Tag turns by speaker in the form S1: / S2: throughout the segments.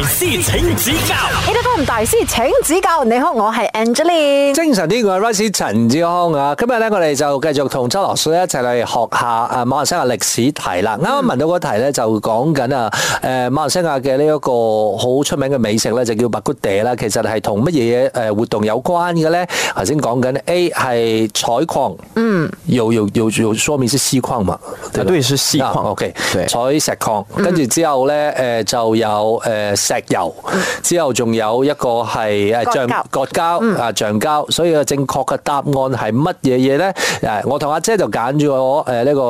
S1: 大師請指教，A.T.M. 大師請指教。你好，我係 Angeline 精神啲我係 Rice 陳志康啊。今日咧我哋
S2: 就繼續同趙老師一齊嚟學下啊馬來西亞歷史題啦。啱啱問到個題咧就講緊啊誒馬來西亞嘅呢一個好出名嘅美食咧就叫肉骨茶啦。其實係同乜嘢誒活動有關嘅咧？頭先講緊 A 係採礦，嗯，又又又又錫礦嘛，對，錫米礦，OK，採錫礦，跟住對、嗯、之後咧誒、呃、就有誒。呃石油之後，仲有一個係誒橡膠，膠啊、嗯、橡膠，所以個正確嘅答案係乜嘢嘢咧？誒，我同阿姐就揀咗誒呢個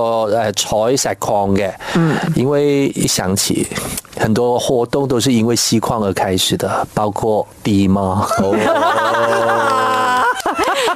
S2: 誒採錫礦嘅，嗯、因為想起很多活動都是因為錫礦而開始的，包括地幔。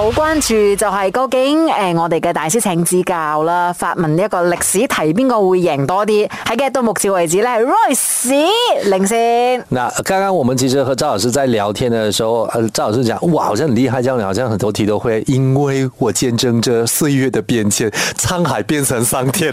S1: 好關注就係究竟誒、呃，我哋嘅大師請指教啦！發問呢一個歷史題，邊個會贏多啲？喺嘅到目前為止咧，Royce 領先。
S2: 那剛剛我們其實和趙老師在聊天嘅時候，誒，趙老師講，哇，好像很厲害，這樣師好像很多題都會。因為我見證着歲月的變遷，滄海變成桑田。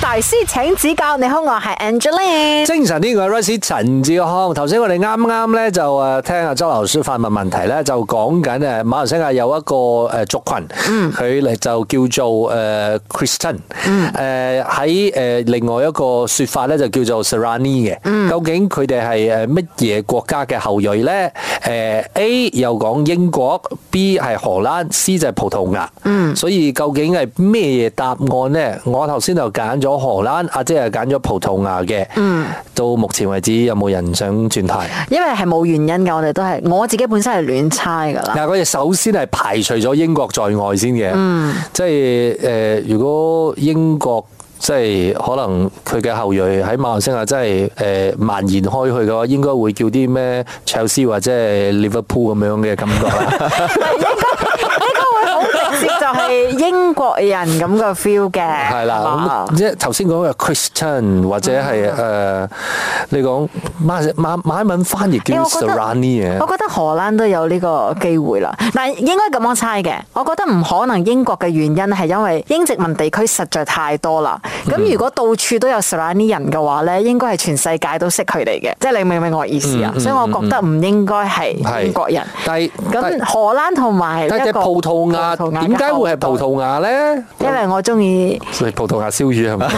S1: 大師請指教，你好，我係
S2: Angeline 精神呢個 Royce 陳志康，頭先我哋啱啱咧就誒聽阿趙老師發問問題咧，就講緊誒馬來西亞有一個誒族群，佢嚟、嗯、就叫做誒、呃、Christian，誒喺誒、嗯呃、另外一個說法咧就叫做 Sarani 嘅、嗯，究竟佢哋係誒乜嘢國家嘅後裔咧？誒、呃、A 又講英國，B 係荷蘭，C 就係葡萄牙，嗯，所以究竟係咩答案咧？我頭先就揀。咗荷蘭，啊即係揀咗葡萄牙嘅。嗯，到目前為止有冇人想轉台？
S1: 因為係冇原因噶，我哋都係我自己本身係亂猜噶啦。嗱，
S2: 我哋首先係排除咗英國在外先嘅。嗯，即係誒、呃，如果英國即係可能佢嘅後裔喺馬來西亞，真係誒蔓延開去嘅話，應該會叫啲咩 Chelsea 或者係 Liverpool 咁樣嘅感覺。
S1: 就係英國人咁個 feel 嘅，係啦，
S2: 即係頭先講嘅 Christian 或者係誒，嗯、你講馬馬一馬文翻譯叫 Suriani。我
S1: 覺得荷蘭都有呢個機會啦。嗱，應該咁樣猜嘅，我覺得唔可能英國嘅原因係因為英殖民地區實在太多啦。咁如果到處都有 Suriani 人嘅話咧，應該係全世界都識佢哋嘅，即係你明唔明我意思啊？嗯嗯嗯嗯，所以，我覺得唔應該係英國人。但係咁荷蘭同埋一個葡萄牙點解？會係葡萄牙咧，因為我中意，
S2: 所以葡萄牙燒魚係咪？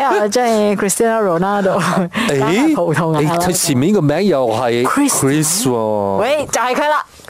S1: 因為我中意 Cristiano Ronaldo，
S2: 誒，葡萄牙，佢前面個名又係 Chris，
S1: 喂，就係佢啦。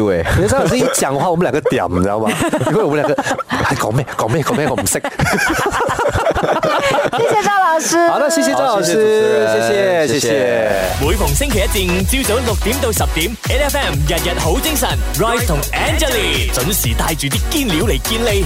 S1: 你趙老師一講
S3: 話，我們兩個點，你知道嗎？因為我們兩個，講咩講咩講咩，我唔識。謝謝趙老師，好啦，謝謝趙老師，謝謝謝謝。每逢星期一至五朝早六點到十點，N F M 日日
S1: 好精神，Royce 同 Angeline 準時帶住啲堅料嚟堅利。